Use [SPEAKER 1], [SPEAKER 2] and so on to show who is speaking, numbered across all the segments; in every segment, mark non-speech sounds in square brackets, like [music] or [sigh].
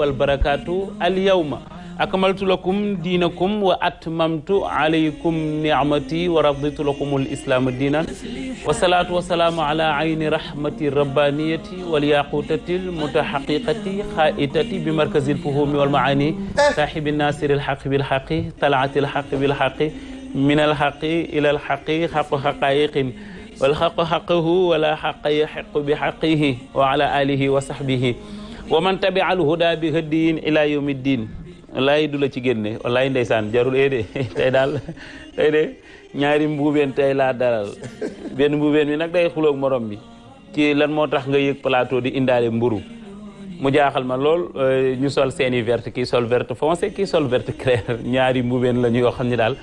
[SPEAKER 1] والبركاته اليوم أكملت لكم دينكم وأتممت عليكم نعمتي ورضيت لكم الإسلام دينا والصلاة والسلام على عين رحمة الربانية والياقوتة المتحققة خائتة بمركز الفهوم والمعاني صاحب الناصر الحق بالحق طلعة الحق بالحق من الحق إلى الحق حق حقائق والحق حقه ولا حق يحق بحقه وعلى آله وصحبه wa man tabi al huda bi hëddiyin ilaa yawmi diin wallaay du la ci génne wallaay ndeysaan jarul ee eh de [laughs] tey daal tey de ñaari mbuubeen tey laa dalal benn mbuubeen bi nag day xuloog morom bi ci lan moo tax nga yëg plateau di indaale mburu mu jaaxal ma lool eh, ñu sol seeni verte ki sol verte foncé kii sol verte clair ñaari mbuubeen la ñu yoo xam ne daal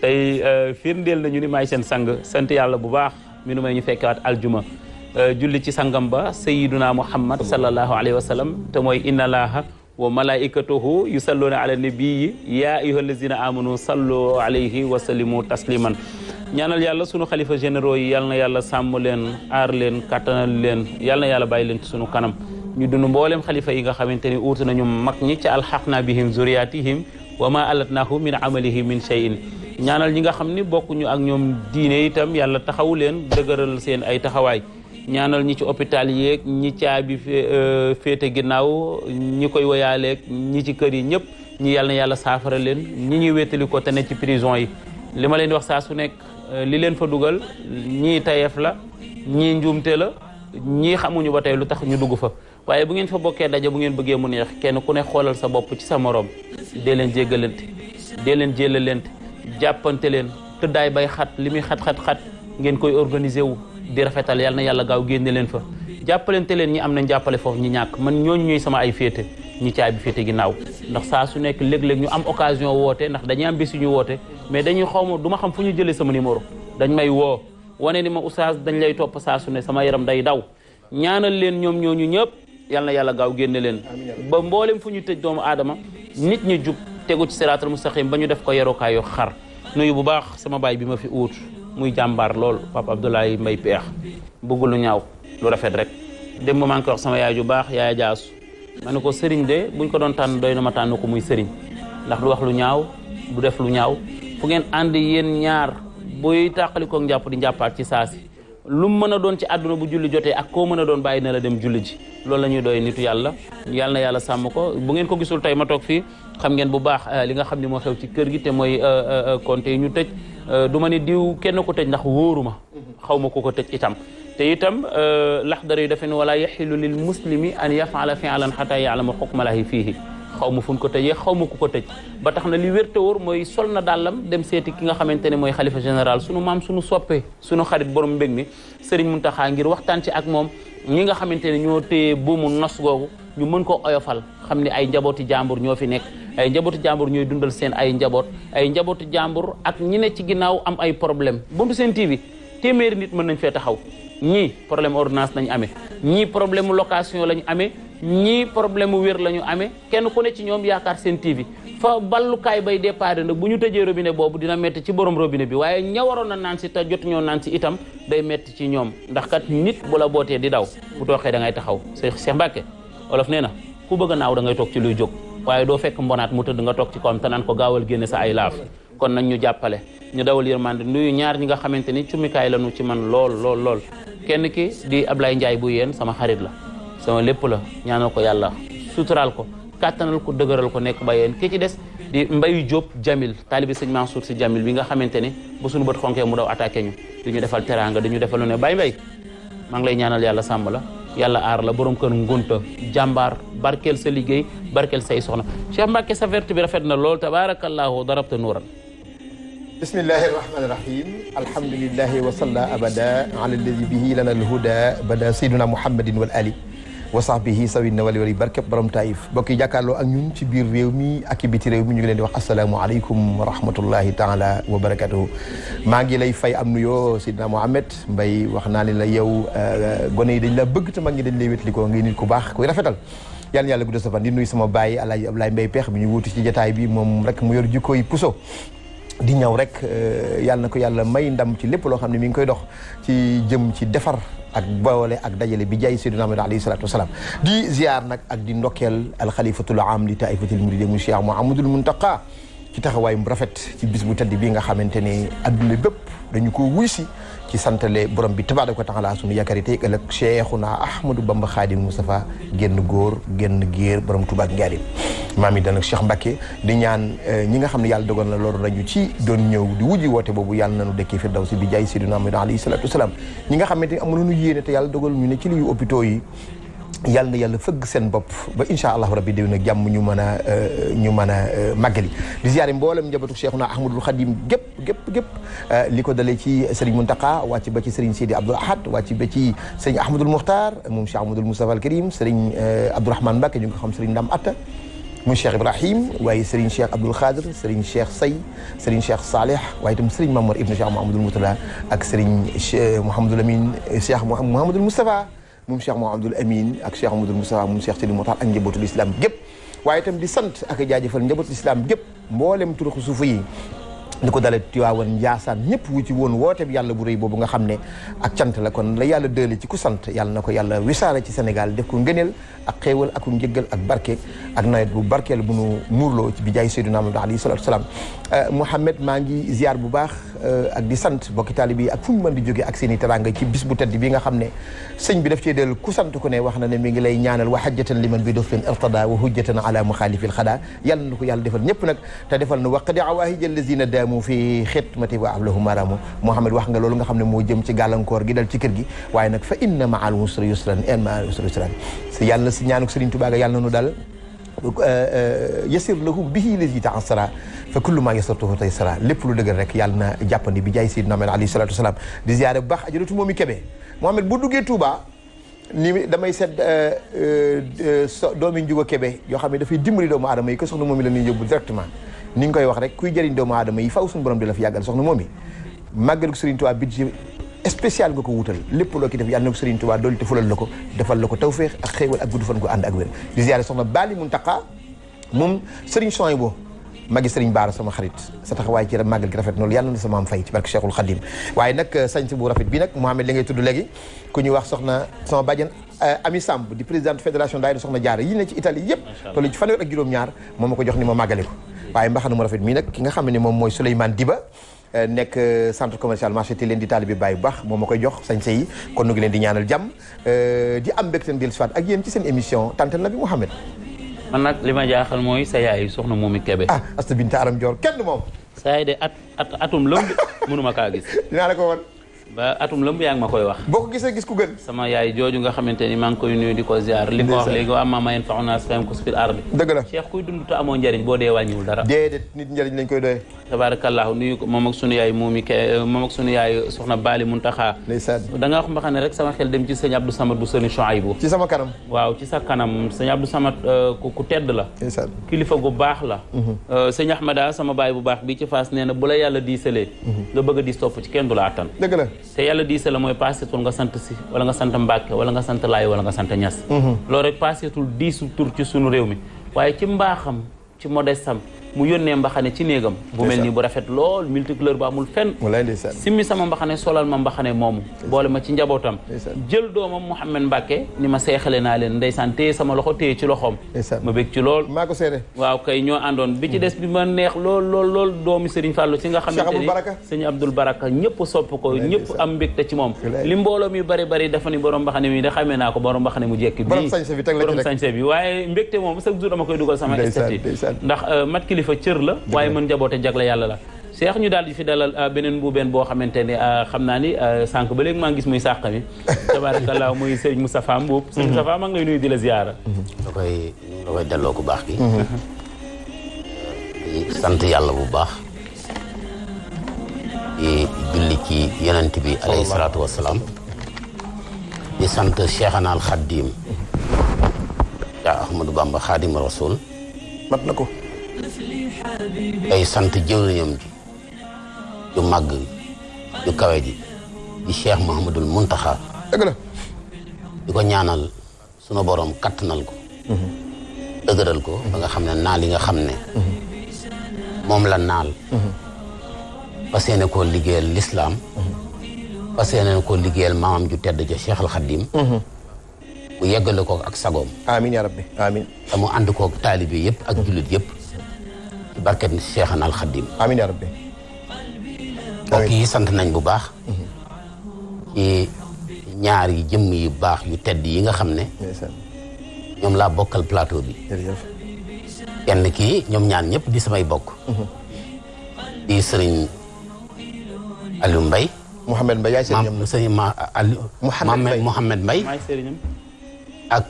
[SPEAKER 1] tey eh, na ñu ni may seen sang sant yàlla bu baax mi nu may ñu fekkewaat aljuma Euh, julli ci sangam ba sayiduna muhammad sallallahu alayhi wa sallam te mooy inna laaha wa malaikatahu yusalluna ala nabii ya ayyuhallazina amanu sallu alayhi wa sallimu tasliman ñaanal yàlla sunu xalifa généraux yi yal na yàlla sàmm leen aar leen kattanal leen yal na yàlla bàyyi leen ci sunu kanam ñu dund mboolem xalifa yi nga xamante ni uutu nañu mag ñi ca alxaqna bihim zuriyatihim wa ma alatnahu min amalihi min cheyin ñaanal ñi nga xam ni ñu ak ñoom diine itam yàlla taxaw leen dëgëral seen ay taxawaay ñaanal ñi ci hôpital yeeg ñi caabi euh, féete ginnaaw ñi koy woyaaleek ñi ci kër yi ñëpp ñi yàlla na yàlla saafara leen ñi ñuy wétali ko ne ci prison yi li ma leen wax saa su nekk euh, li leen fa dugal ñii tayeef la ñii njuumte la ñii xamuñu ba tey lu tax ñu dugg fa waaye bu ngeen fa bokkee daje bu ngeen bëggee mu neex kenn ku ne xoolal sa bopp ci sa morom dee leen jéggalante dee leen jéllalante jàppante leen tëddaay bay xat li muy xat-xat-xat ngeen koy organiser wu di rafetal yal na yàlla gaaw génne leen fa jàppalante leen ñi am nañ jàppale foofu ñi ñàkk man ñooñu ñuy sama ay féete ñi caay bi féete ginnaaw ndax saa su nekk léeg-léeg ñu am occasion woote ndax dañuy am bis yu ñu woote mais dañuy xaw ma xam fu ñu jëlee sama numéro dañ may woo wane ni ma oustaz dañ lay topp saa su ne sama yaram day daw ñaanal leen ñoom ñooñu ñëpp yal na yàlla gaaw génne leen ba mboolem fu ñu tëj doomu aadama nit ñu jub tegu ci siraatal mustaqim ba ñu def ko yerokaay yo xar nuyu bu baax sama baay bi ma fi uut muy jàmbaar lool Pape Abdoulaye Mbaye Peex bëgg lu ñaaw lu rafet rek démb maa ngi koy wax sama yaay ju baax yaaya jaasu ma ne ko sëriñ de buñ ko doon tànn doy na ma tànn muy sëriñ ndax du wax lu ñaaw du def lu ñaaw fu ngeen ànd yéen ñaar buy tàqalikoog njàpp di njàppaat ci saasi lu mën a doon ci àdduna bu julli jotee ak koo mën a doon bàyyi na la dem julli ji loolu la ñuy doy nitu yàlla yàlla na yàlla sàmm ko ko gisul tey ma toog fii xam ngeen bu baax euh, li nga xam Euh, du ma diw kenn ko tëj ndax wóoruma xaw ma ku ko tëj itam te itam euh, laxdar yi dafe ne wala yaxilu lil muslimi an yafala fi'lan xata yaalama xukmalahi fiihi xaw ma fu ñu ko tëjee xaw ma ku ko tëj ba tax na li wér te wóor mooy sol na dàllam dem seeti ki nga xamante ne mooy xalifa général sunu maam sunu soppe sunu xarit borom mbég mi Serigne Mountakha ngir waxtaan ci ak moom ñi nga xamante ne ñoo téye buumu nos googu ñu mën ko oyofal xam ne ay njabooti jàmbur ñoo fi nekk ay njabooti ñooy dundal seen ay njaboot ay njabooti jàmbur ak ñi ne ci ginnaaw am ay problème boobu seen TV téeméeri nit mën nañ fee taxaw ñii problème ordonnance lañu amee ñii problème mu location la ñu amee ñii problème mu wér la ñu amee kenn ku ne ci ñoom yaakaar seen TV fa ballukaay bay déparé nag bu ñu tëjee robine boobu dina metti ci borom robine bi waaye ña waroon a naan si te jotuñoo naan si itam day metti ci ñoom ndax kat nit bu la bootee di daw bu tooxee da taxaw Cheikh olof nee na ku bëgg naaw da ngay toog ci luy jóg waaye doo fekk mbonaat mu tëdd nga toog ci kawam te naan ko gaawal génne sa ay laaf kon nañ ñu jàppale ñu dawal yërmande nuyu ñaar ñi nga xamante ni cumikaay la nu ci man lool lool lool kenn ki di Ablaye Ndiaye bu yéen sama xarit la sama lépp la ñaanal ko yàlla suturaal ko kàttanal ko dëgëral ko nekk ba yéen ki ci des di Mbaye Diop Jamil taalibi sëñ Mansour si Jamil bi nga xamante ni bu suñu bët xonkee mu daw attaqué ñu di ñu defal teraanga di ñu defal lu maa ngi lay ñaanal yàlla sàmm la yàlla aar la borom kër ngunta jàmbaar barkeel sa liggéey barkeel say soxna Cheikh Mbacke sa verte bi rafet na lool tabaarakallaahu darabta nuuran
[SPEAKER 2] bismillahi rahmani rahim alhamdulilahi wa salla abada ala alladi bihi lana alhuda bada sayyidina muhammadin wal ali wa sahbihi sawin na wali wali barkeb borom taayif mbokk yi jàkkaarloo ak ñun ci biir réew mi ak i biti réew mi ñu ngi leen di wax asalaamualeykum wa rahmatullahi taala wa barakatuhu maa ngi lay fay am nuyoo Sidna Mohamed Mbay wax naa ne la yow euh, gone yi dañ la bëgg te mag ñi dañ lay wétlikoo ngi nit ku baax kuy rafetal yàlla na yàlla gudd sa fan di sama baay Alaaji Ablaay Mbay Peex bi ñu wuuti ci jataay bi moom rek mu yor jikko yi puso di ñëw rek euh, yàlla na ko yàlla may ndam ci lépp loo xam ne mi ngi koy dox ci jëm ci defar ak boole ak dajale bi jaay Seydina Muhammad alayhi salaatu wasalaam di ziar nag ak di ndokkeel alxalifatul am li taifatil muride mu Cheikh Mouhamadul Muntaqa ci taxawaay mu rafet ci bis bu tedd bii nga xamante ne adduna bépp dañu ko wuy ci santale borom bi tabaaraka wa taala sunu yaakaar tey ëllëg Cheikhuna Ahmadou Bamba Xaadim Moustapha génn góor génn géer borom Tuubaa ak Njaarim maam yi danak Cheikh Mbacke di ñaan eh, ñi nga xam ne yàlla dogal na loolu nañu ci doon ñëw di wujji woote boobu yàlla nañu dëkkee firdawsi bi jaay Seydina Muhammad alayhi salaatu wasalaam ñi nga xam ne te amuloonu yéene te yàlla dogal ñu ne ci liyu hôpitaux yi yàlla na yàlla fëgg seen bopp ba incha allahu rabbi déw nag jàmm ñu mën a euh, ñu mën a euh, màggali di ziyaare mboolem njabootu Cheikhuna Ahmadul Khadim gépp gépp gépp euh, li ko dalee ci Serigne Muntaka wàcc ba ci Serigne Sidi Abdoul Ahad wàcc ba ci Serigne Ahmadul Mukhtar moom Cheikh Ahmadul Moustapha al Karim Serigne Abdourahmane Mbacke ñu ngi ko xam Serigne Ndam Atta mu Cheikh Ibrahim waaye Serigne Cheikh Abdoul Khadir Serigne Cheikh Say Serigne Cheikh Saleh waaye itam Serigne Mamor Ibn Cheikh Mouhamadul Moutala ak Serigne Cheikh Mouhamadul Amin Cheikh Mouhamadul Moustapha moom Cheikh Mouhamadoul Amine ak Cheikh Mouhamadoul Moustapha moom Cheikh Sidi Moutar ak njabootul islam gépp waaye itam di sant ak jaajëfal njabootul islam gépp mboolem turuxu suufa yi li ko dalee Tiwaawan Njaasaan ñëpp wu ci woon woote bi yàlla bu rëy boobu nga xam ne ak cant la yàlla dële ci ku sant yàlla na ko yàlla wisaare ci Sénégal def ko ngëneel ak xéewal ak njëggal ak barke ak nawet bu barkeel bu nu muurloo ci bi jaay Seydina Muhammad alayhi euh, bu baax euh, ak di sant bokki taalibe yi ak fu ñu mën di jógee i teraanga ci bis ku sant ku ne wax na ne mi ngi lay ñaanal wa li liman bi dof leen wa hujjatan ala muxaalifil yàlla na ko yàlla defal ñëpp nag te defal na waqdi awaahija lazina mu fi xitmati wa ablahu maramu Mouhamed wax nga loolu nga xam ne moo jëm ci gàllankoor gi dal ci kër gi waaye nag fa inna ma al usri yusran in ma al usri yusran si yàlla si ñaanuk Sëriñ Tuubaa ga yàlla nu dal euh, euh, yasir lahu bihi lazi ta'assara fa kullu ma yasartuhu taysara lépp lu dëgër rek yàlla na jàppandi bi jaay Seydina Muhammad alayhi salaatu wasalaam di ziyaare bu baax ajaratu moom i Kébé Mouhamed bu duggee Touba ni damay seet euh, doomi Njuga Kébé yoo xam ne dafay dimbali doomu aadama yi ko soxna moom i la ñuy yóbbu directement ni nga koy wax rek kuy jëriñ doomu aadama yi faw suñu borom di la fi yàggal soxna moom i màggalu Sëriñ Tuubaa budget spécial nga ko wutal lépp loo ki def yàlla na ko Sëriñ Tuubaa doolu te fulal la ko defal la ko tawféex ak xéewal ak gudd fan gu ànd ak wér di ziyaare soxna Bali Muntaqa moom Sëriñ Soy bo sama xarit sa taxawaay ci màggal gi rafet noonu yàlla na sama am fay ci barke Cheikhul Khadim waaye nag euh, sañse bi nag Mouhamed li ngay tudd léegi ku ñu wax soxna sama bàjjen euh, Ami Samb di présidente fédération na soxna Jaara yi ne ci Italie yëpp tollu ci fanweer ak juróom-ñaar moom ma ko jox ni ma màggale ko waaye mbaxana mu rafet mii nag ki nga xam ne moom mooy Souleymane Diba eh, nekk eh, centre commercial marché te leen di taalibi Baye baax moom ma koy jox sañ kon nu ngi leen di ñaanal jàmm eh, di am mbégte del soit ak yéen ci seen émission tante Nabi Mouhamed
[SPEAKER 1] man nag li ma jaaxal mooy sa yaay soxna Momi Kebe ah Asta Binta Aram Dior kenn moom sa yaay de at at atum lëmb [laughs] mënuma kaa dinaa la ko woon ba atum lëmb yaa ngi ma koy wax. boo ko gisee gis ku gën. sama yaay jooju nga xamante ni maa ngi koy nuyu di ko ziar. li ko wax léegi wa ammaa maa yanfa'u naas fa yamkusu fil ardi. dëgg la Cheikh boo dee wàññiwul dara. déedéet
[SPEAKER 2] nit njariñ lañ koy doyee.
[SPEAKER 1] tabaarakallaahu nuyu ko moom ak sunu yaay muumi ke moom ak sunu yaay soxna Baali Muntaxa. ndeysaan da nga wax ma xam ne rek sama xel dem ci sëñ Abdou Samad bu sëriñ Chouaïbou. ci sama kanam. waaw ci sa kanam sëñ Abdou sama euh, ku tedd la. ndeysaan kilifa gu baax la. Mhm. Euh, sëñ Ahmada sama baay bu baax bi ci Fass nee na bu la yàlla diisalee mhm. nga bëgg di diis ci kenn du la attan dëgg la te yàlla diise la mooy paaseetul nga sant si wala nga sant Mbàkke wala nga sant Laay wala nga sant Ñas mhm. loolu rek paaseetul diisu tur ci sunu réew mi waaye ci mbaaxam ci modestam mu yónnee mbaxane ci néegam bu mel ni bu rafet lool multicolore bu amul fenn simmi sama mbaxane solal ma mbaxane moomu boole ma ci njabootam jël doomam Mouhamed Mbacke ni ma seexale naa leen ndeysaan téye sama loxo téye ci loxoom ma bég ci lool maa ko waaw kay ñoo bi ci des bi ma neex lool lool lool doomi Serigne Fallou si nga xamante ni sëñ Abdoul Baraka ñëpp sopp ko ñëpp am mbégte ci moom li mbooloo mi bari bari dafa ni borom mbaxane mi da xamee naa ko borom mbaxane mu jekk bi borom sañse bi waaye mbégte moom chaque koy dugal sama
[SPEAKER 2] statut
[SPEAKER 1] kilifa cër la waaye man jaboote jagle yàlla la seex ñu daal di fi dalal ah, beneen mbuubeen boo xamante ne ah, xam naa ni ah, sànq ba léegi muy sàq mi [laughs] tabaarakallaa muy sëriñ Moustapha Mbuub mhm. sëriñ Moustapha la ziyaara la
[SPEAKER 3] mhm. koy baax gi mhm. sant yàlla bu baax di julli ci yonent bi alayhi salaatu Bamba Khadim Rasoul ay sant jëwriñam ji ju màgg ju kawe ji di Cheikh Mouhamadul Muntaxa dëgg ko ñaanal sunu boroom kattanal ko dëgëral ko ba nga xam ne naal yi nga xam ne moom la naal fas yéene koo liggéeyal lislaam fas yéene koo liggéeyal maamam ju tedd ja Cheikh al Xadim yeggale ko ak sagoom amiin yaa rabbi amiin te mu ànd koog taalibe yëpp ak jullit yëpp barket Cheikhana al Khadim. amiin yaa yi sant nañ bu baax. Mhm. ci ñaar yi jëmm yu baax yu tedd yi nga xam ne. ñoom laa bokkal plateau bi. kenn kii ñoom ñaar ñëpp di samay bokk. Mhm. di sëriñ Aliou Mbaye. Mouhamed Mbaye yaay sëriñam sëriñ ma Aliou. Mouhamed Mbaye Mouhamed Mbaye. ak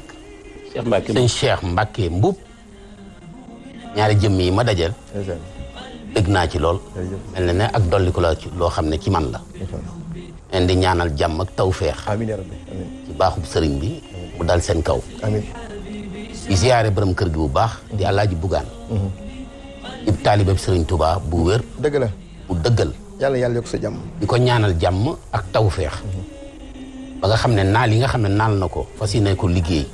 [SPEAKER 3] ñaari jëmm yi ma dajal dégg naa ci lool mel na ne ak dolli loo xam ne ci man la leen ñaanal jàmm ak tawféex ci baaxub sëriñ bi mu dal seen kaw di borom kër bu baax di Alaaji Bugaan mhm. ib taalibe sëriñ Tuubaa bu wér dëgg la bu
[SPEAKER 2] dëggal yàlla yàlla yokk sa jàmm
[SPEAKER 3] ko ñaanal jàmm ak tawféex mhm. ba nga xam ne naal yi nga xam ne naal na ko fas yéene ko liggéey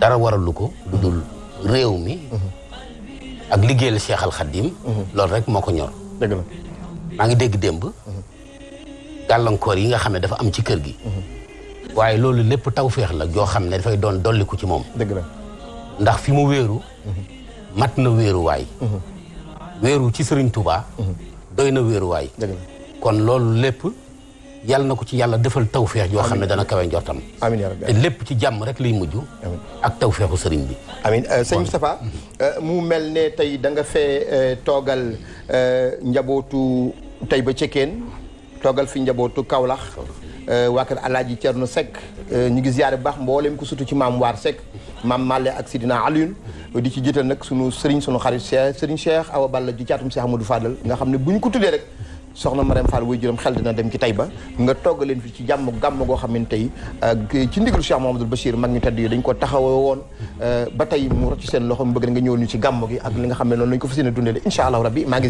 [SPEAKER 3] dara waralu ko lu dul réew mi mhm. ak liggéeyal Cheikh Al Khadim mhm. loolu rek moo ko ñor. maa ngi dégg démb. Mhm. gàllankoor yi nga xam ne dafa am ci kër gi. Mhm. waaye loolu lépp tawféex la joo xam ne dafay doon dolliku ci moom. dëgg ndax fi mu wéeru. mat na wéeruwaay. wéeru ci Serigne Touba. doy na wéeruwaay. dëgg kon loolu lépp. yàlla na ko ci yàlla defal tawféex yoo xam ne dana kawe njortam amiin yaa rabbi lépp ci jàmm rek lay mujj ak tawféexu sëriñ bi amiin euh, sëñ Moustapha
[SPEAKER 2] mhm. euh, mu mel ne tey da nga fee euh, toogal njabootu tey ba cekkeen toogal fi njabootu Kaolack waa kër Alaaji Cerno Seck ñu ngi ziyaare baax mboolem ko sutu ci maam Waar Seck maam Malle ak Sidina Alioune di ci jiital nag sunu sëriñ sunu xarit Cheikh sëriñ Cheikh Awa Balla di caatum Cheikh Amadou Fadal nga xam ne bu ñu ko tuddee rek soxna Marème Fall wuy juróom xel dina dem ci ba nga togg leen fi ci jàmm gàmm goo xam ne tey euh, ci ndigalu Cheikh Mahamadul Bachir mag ñu tedd yi dañ ko taxawoo woon euh, ba tey mu rocc seen loxo mu bëgg nga ñëw ñu gàmm gi ak li nga xam ne noonu lañ ko fas yéene dundale insha allahu rabbi maa ngi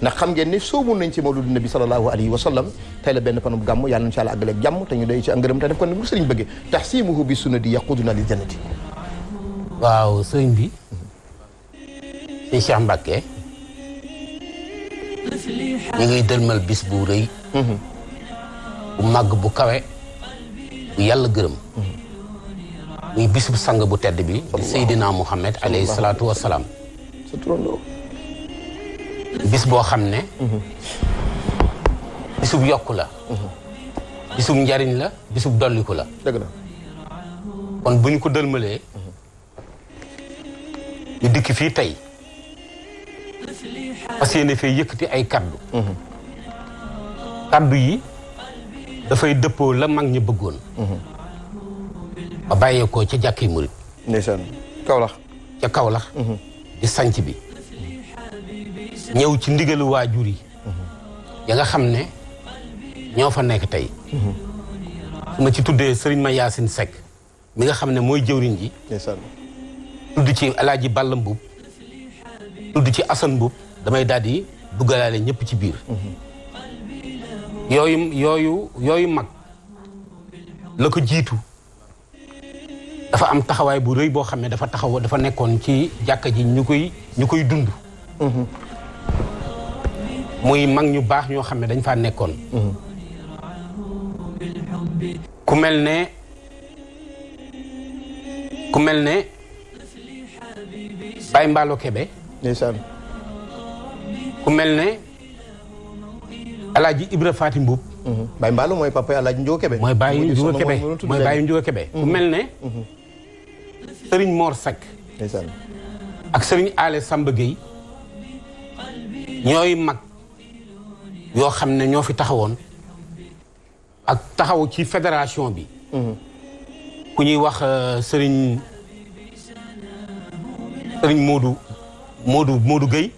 [SPEAKER 2] ndax xam ngeen ne soobu nañ ci mawludu nabi sallallahu alayhi wa sallam tey la benn panub gàmm yàlla insha allah àggaleeg jàmm te ñu doy ci ngërëm te def ko ne mu sëriñ bëgge tahsimuhu bi sunnati yaquduna jannati waaw
[SPEAKER 3] sëriñ bi mm-hmm. ñu ngi dëlmal bis bu rëy mhm. bu màgg bu kawe bu yàlla gërëm muy bis sang bu tedd bi di Seydina Muhammad alayhi salaatu wa salaam bis boo xam ne mhm. bisub yokku la mhm. bisub njariñ la bisub dolliku la la kon bu ñu ko dëlmalee ñu dikk fii tey parce que yéen fay yëkkati ay kaddu. kaddu yi dafay dëppoo la mag ñu bëggoon. ba bàyyeekoo ca jàkki murit. ndeysaan ca Kaolack. di sanc bi. ñëw ci ndigalu waajur yi. ya nga xam ne ñoo fa nekk tey. su ma ci tuddee sëriñ ma Yaasin Seck mi nga xam ne mooy jëwriñ ji. ndeysaan tudd ci El Hadj Balla tudd ci Assane Mbuub damay daal di duggalaale ñëpp ci biir. yooyu yooyu yooyu mag la ko jiitu dafa am taxawaay bu rëy boo xam ne dafa taxaw dafa nekkoon ci jàkka ji ñu koy ñu koy dund. Mhm. muy mag ñu baax ñoo xam ne dañ fa nekkoon. Mhm. ku mel ne ku mel ne Baye Mballo Kebe. ku mel ne alaaji Ibra Fatim Mbuub mhm. Baye Mballo mooy papa alaaji Njóo Kebe mooy bàyyi Njóo Kebe mhm. ku mel ne mhm. sëriñ Mor ak sëriñ Ale Samba Gueye ñooy mag yoo xam ne ñoo fi taxawoon ak taxaw ci fédération bi ku ñuy wax euh, sëriñ sëriñ Modou Modou Modou Gueye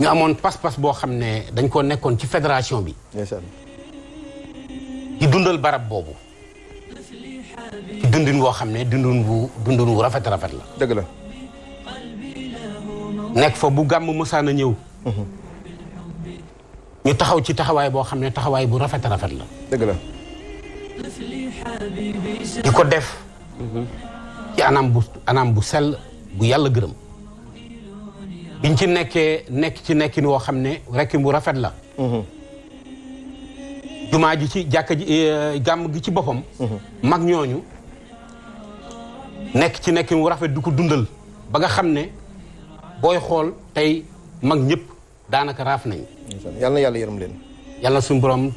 [SPEAKER 3] ñu amoon pas-pas boo xam ne dañ koo nekkoon ci fédération bi. ci dundal barab boobu. ci dundin woo xam ne dundin wu dundin wu rafet rafet la. dëgg nekk fa bu gàmm mësaan a ñëw. Mhm. ñu taxaw ci taxawaay boo xam ne taxawaay bu rafet rafet la. dëgg di ko def. Mhm. ci anam bu anam bu sell bu yàlla gërëm. biñ ci nekkee nekk ci nekkin woo xam ne rekk mu rafet la mhm. jumaa ji ci jàkka ji eh, gàmm gi ci boppam mhm. mag ñooñu nekk ci nekkin mu rafet du ko dundal ba nga xam ne booy xool tey mag ñëpp daanaka raaf nañ yal na yàlla yërëm leen yal na suñu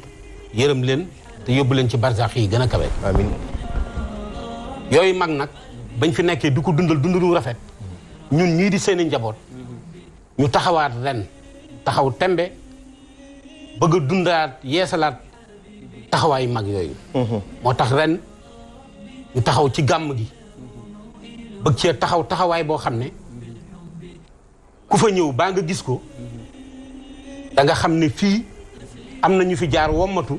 [SPEAKER 3] yërëm leen te yóbbu leen ci barsax yi gën a kawe yooyu mag nag bañ fi nekkee du ko dundal dundalu rafet ñun ñii di seeni njaboot ñu taxawaat ren taxaw tembe bëgg a dundaat yeesalaat taxawaayu mag yooyu. Mhm. moo tax ren ñu taxaw ci gàmm gi. bëgg cee taxaw taxawaay boo xam ne ku fa ñëw baa nga gis ko danga xam ne fii am na ñu fi jaar wommatu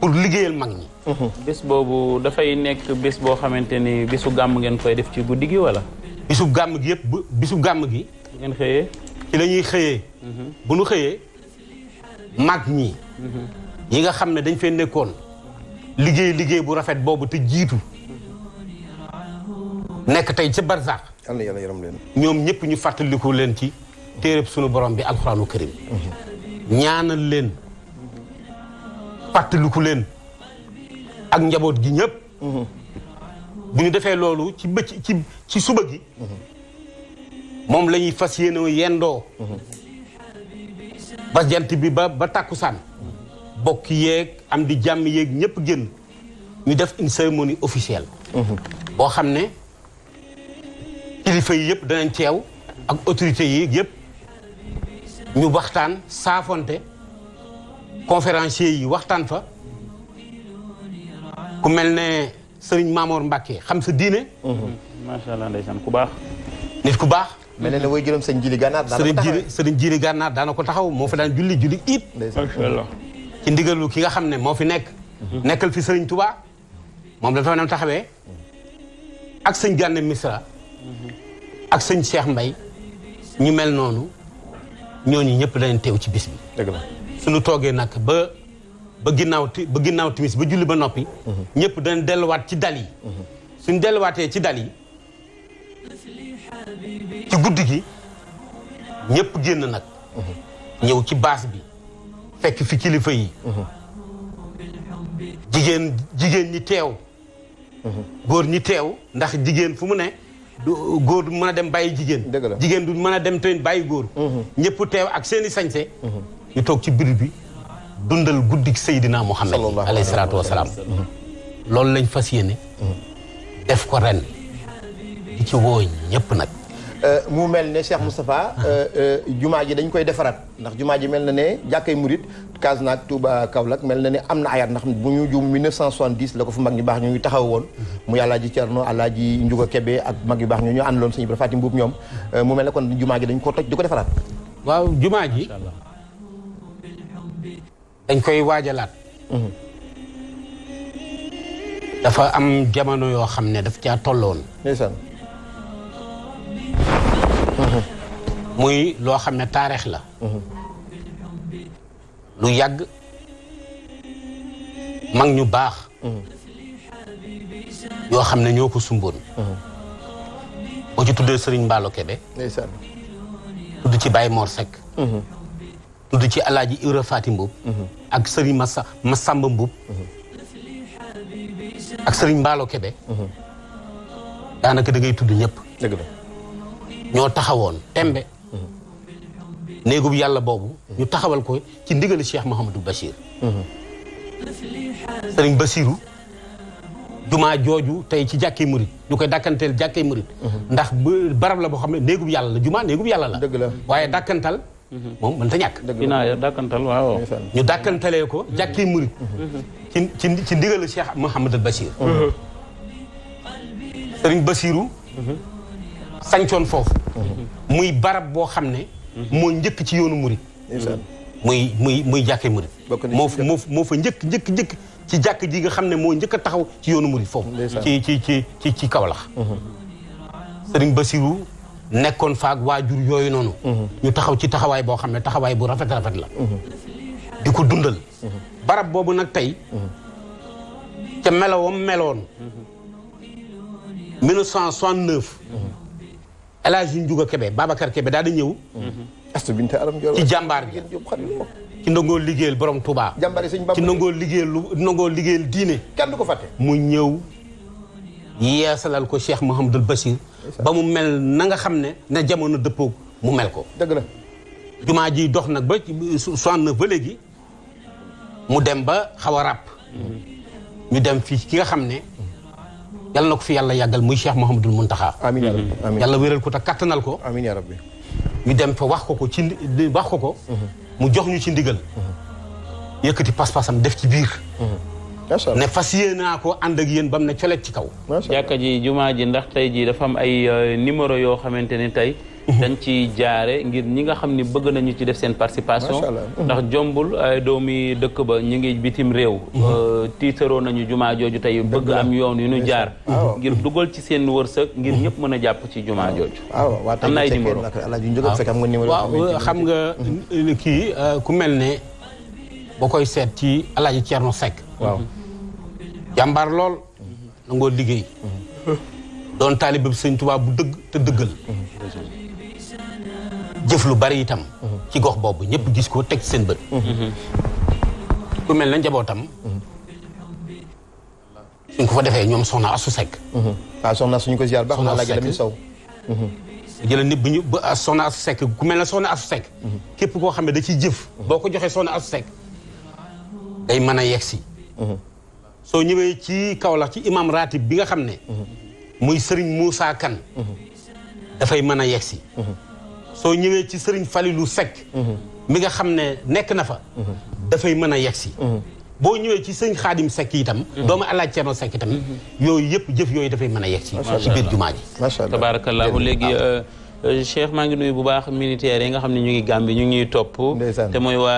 [SPEAKER 1] pour liggéeyal mag ñi. Mhm. bés boobu dafay nekk bés boo xamante ni bésu gàmm ngeen koy def ci guddi gi wala. bisu gàmm gi yëpp bisu gàmm gi. ngeen xëyee. ci la xëyee.
[SPEAKER 3] Mhm. bu nu xëyee mag ñi. yi mhm. nga xam ne dañ fee nekkoon liggéey liggéey bu rafet boobu te jiitu nekk tey ci barzaq. yàlla yàlla leen. ñoom ñëpp ñu fàttaliku leen ci téereb sunu borom bi alxuraanu karim.
[SPEAKER 4] Mhm.
[SPEAKER 3] ñaanal leen fàttaliku leen ak njaboot gi ñëpp. bu ñu defee loolu ci bëcc ci suba gi. moom la ñuy fas yéene yendoo ba jant bi ba ba tàkkusaan bokk yeeg am di jàmm yeeg ñëpp génn ñu def une cérémonie officielle boo xam ne kilifa yi yëpp danañ teew ak autorité yi yëpp ñu waxtaan saafonte conférencier yi waxtaan fa ku mel ne sëriñ Maamoor Mbàkke xam sa diine macha ku baax nit ku baax mel na ne way juróom sëñ jili gànnaar sëriñ jili sëriñ jili gànnaar daana ko taxaw moo fi daan julli julli it ci ndigalu ki nga xam ne moo fi nekk mhm. nekkal fi sëriñ tubaa moom dafa nem taxawee ak sëñ Gànne Misra mhm. ak sëñ Cheikh Mbay ñu mel noonu ñooñu ñëpp dañ teew ci bis bi dëgg suñu toogee nag ba ba ginnaaw ba ginnaaw timis ba julli ba noppi mhm. ñëpp dañ delluwaat ci dal yi suñ delluwaatee ci dal yi ci guddi gi ñëpp génn nag ñëw ci baas bi fekk fi kilifa yi jigéen jigéen ñi teew góor ñi teew ndax jigéen fu mu ne du góor du mën a dem bàyyi jigéen jigéen du mën a dem tamit bàyyi góor ñëpp teew ak seeni sañse ñu toog ci biir bi dundal guddik Seydina Muhammad alayhi salaatu wasalaam loolu lañ fas yéene def ko ren di ci woo ñëpp nag
[SPEAKER 2] Euh, mu mel ne Cheikh Moustapha euh, euh, jumaa ji dañ koy defaraat ndax jumaa ji mel na ne jàkkay murit Kasnack Touba Kaolack mel na ne am na ayaat ndax bu ñu juum 1970 la ko fu mag ñu baax ñu ngi taxaw woon mu yàllaa ji Cerno àllaa ji Njuga Kebe ak mag yu baax ñu ñu àndaloon sëñ Ibra Fatim Mbuub ñoom mu mel ne kon jumaa ji dañ ko toj di ko defaraat
[SPEAKER 3] waaw jumaa ji dañ koy waajalaat mhm. dafa am jamono yoo xam ne daf caa tolloon muy loo xam ne taarix la lu yàgg mag ñu baax yoo xam ne ñoo ko sumboon boo ci tuddee sëriñ Mballo Kébé tudd ci bay Mor Seck mhm. tudd ci Alaaji Ibra Faati Mbuub mhm. ak Serigne Massa Massamba Mbuub mhm. ak Serigne Mballo Kébé daanaka da tudd ñëpp ñoo taxawoon tembe néegub yàlla boobu ñu taxawal ko ci ndigali Cheikh Mouhamadou Bachir sëriñ Bachiru jumaa jooju tey ci jàkkee murit ñu koy dàkkanteel jàkkee murit ndax barab la boo xam ne néegub yàlla la jumaa néegub yàlla la waaye dàkkantal moom mënta ñàkk
[SPEAKER 1] dàkkantal waaw
[SPEAKER 3] ñu dàkkantalee ko jàkkee murit mhm. ci ci ci ndigal Cheikh Mouhamadou Bachir sëriñ Bachiru mhm. sancoon foofu mhm. muy barab boo xam ne moo njëkk ci yoonu murit muy muy muy jàkkee murit moo moo moo fa njëkk njëkk njëkk ci jàkk ji nga xam ne moo njëkk a taxaw ci yoonu murit foofu ci ci ci ci ci Kawlax mhm. Sëriñ Basiru nekkoon faak waajur yooyu noonu mhm. ñu taxaw ci taxawaay boo xam ne taxawaay bu rafet rafet la mhm. di ko dundal barab boobu nag tey ca melowam meloon 1969 El Hadj Ndiouga Kébé Babacar Kébé daal di ñëw. astu mm-hmm. binte ci jàmbaar gi ci nangoo liggéeyal borom Touba. jàmbaar yi sëñ Bamba ci nangoo liggéeyal nangoo liggéeyal diine. kenn ko fàtte. mu ñëw yeesalal ko Cheikh Mouhamadul Bachir. ba mu mel nanga xam ne. na jamono dëppoo mu mel ko. dëgg jumaa ji dox nag ba soixante-neuf ba léegi mu dem ba xaw a ràpp. Mm-hmm. ñu dem fii ki nga xam ne. yàlla na ko fi yàlla yàggal muy Cheikh Mouhamadul Mountakha. amiin yaa rabbi yàlla wéral ko te kattanal ko. amiin yaa rabbi dem fa wax ko ko ci wax ko ko. Mhm. mu jox ñu ci ndigal. Mhm. yëkkati pas-pasam def ci biir.
[SPEAKER 1] Mhm. ne fas yéene naa ko ànd ak
[SPEAKER 3] yéen bam mu ne colet ci kaw.
[SPEAKER 1] jàkka ji jumaa ji ndax tey jii dafa am ay euh, numéro yoo xamante ne tey. dañ ci jaare ngir ñi nga xam ni bëgg nañu ci def seen participation ndax jombul ay doomi dëkk ba ñu ngi bitim réew mhm. euh, tiitaroo nañu jumaa jooju tey bëgg am yoon yu ñu jaar ngir dugal ci seen wërsëg ngir ñëpp mën a jàpp ci jumaa jooju
[SPEAKER 3] am na ay numéro waaw xam nga mhm. kii euh, ku mel ne boo koy seet ci alaaji Cerno Seck waaw jàmbaar lool mhm. ngoo liggéey doon taalibe bi sëñ Tuubaa bu dëgg te dëggal jëf lu bari tam ci gox boobu ñëpp gis koo teg seen bët. ku mel na njabootam. suñ ko fa defee ñoom soxna Asu Sekk. waaw soxna ko ziar baax na la Lamine Sow. jëlee nit ah, Asu Sekk ku mel na soxna Asu Sekk. képp koo xam ne da ci jëf. boo ko joxee soxna Asu Sekk day mën a yegsi. soo ñëwee ci Kaolack ci imam ratib bi nga xam ne. muy Serigne Moussa Kane. dafay mën a yegsi. soo ñëwee ci sëriñ Falilou Seck mi nga xam ne nekk na fa dafay mën a yegsi boo ñëwee ci sëñ xaadim sekk itam doomu alaaj ceerno sekk itam yooyu yëpp jëf yooyu dafay mën a yegsi ci biir jumaa ji
[SPEAKER 1] tabaarakallaahu léegi ah. euh, Euh, Cheikh maa ngi nuyu bu baax militaire yi nga xam ne ñu ngi Gambie ñu ngi topp te mooy waa